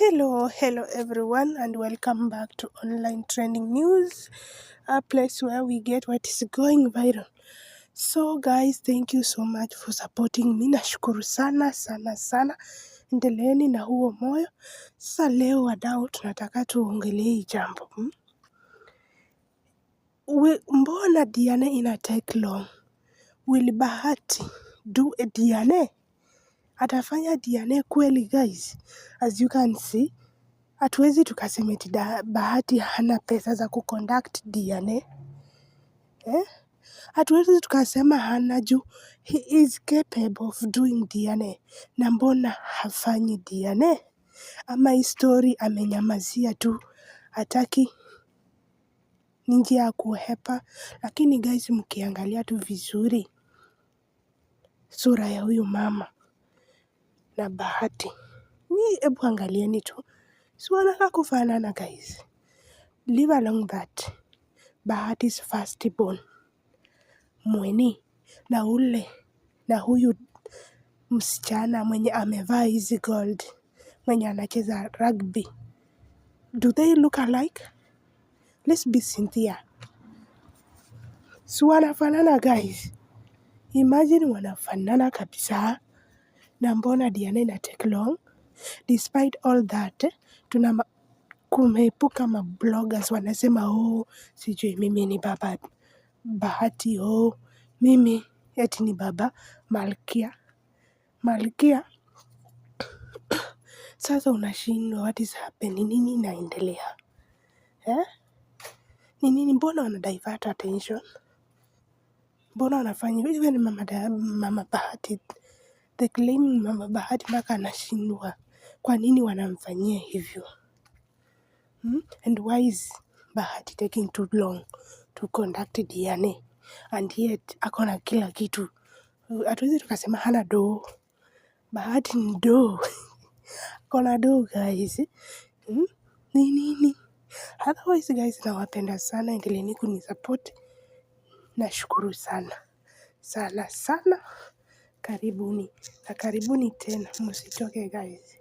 Hello, hello everyone, and welcome back to Online Trending News, a place where we get what is going viral. So guys, thank you so much for supporting me. Nashukuru sana sana sana, endeleeni na huo moyo. Sasa leo wadau, tunataka tuongelee hii jambo hmm? We, mbona DNA ina take long? Will Bahati do a DNA? atafanya DNA kweli guys. As you can see, hatuwezi tukasema eti Bahati hana pesa za kuconduct DNA eh? Hatuwezi tukasema hana juu he is capable of doing DNA, na mbona hafanyi DNA? Ama hii story amenyamazia tu, hataki ni njia ya kuhepa. Lakini guys, mkiangalia tu vizuri sura ya huyu mama na bahati. Ni ebu angalieni tu. Si wanataka kufanana guys. Live along that. Bahati is first born. Mweni na ule na huyu msichana mwenye amevaa hizi gold mwenye anacheza rugby. Do they look alike? Let's be sincere. Si wanafanana guys. Imagine wanafanana kabisa na mbona DNA ina take long? Despite all that, tuna kumeepuka mabloggers wanasema oh, sijui mimi ni baba Bahati, oh, mimi eti ni baba Malkia. Malkia sasa unashindwa what is happening, nini inaendelea eh? Ni nini? Mbona wana divert attention? Mbona wanafanya hivyo? Ni mama, mama Bahati The claim Mama Bahati mpaka anashindwa kwa nini wanamfanyia hivyo hmm? and why is Bahati taking too long to conduct DNA and yet akona kila kitu. Hatuwezi tukasema hana doo. Bahati ni doo akona doo guys hmm? ni nini? Otherwise guys, nawapenda sana, endeleeni kunisupport. Nashukuru sana sana sana karibuni na karibuni tena msitoke guys.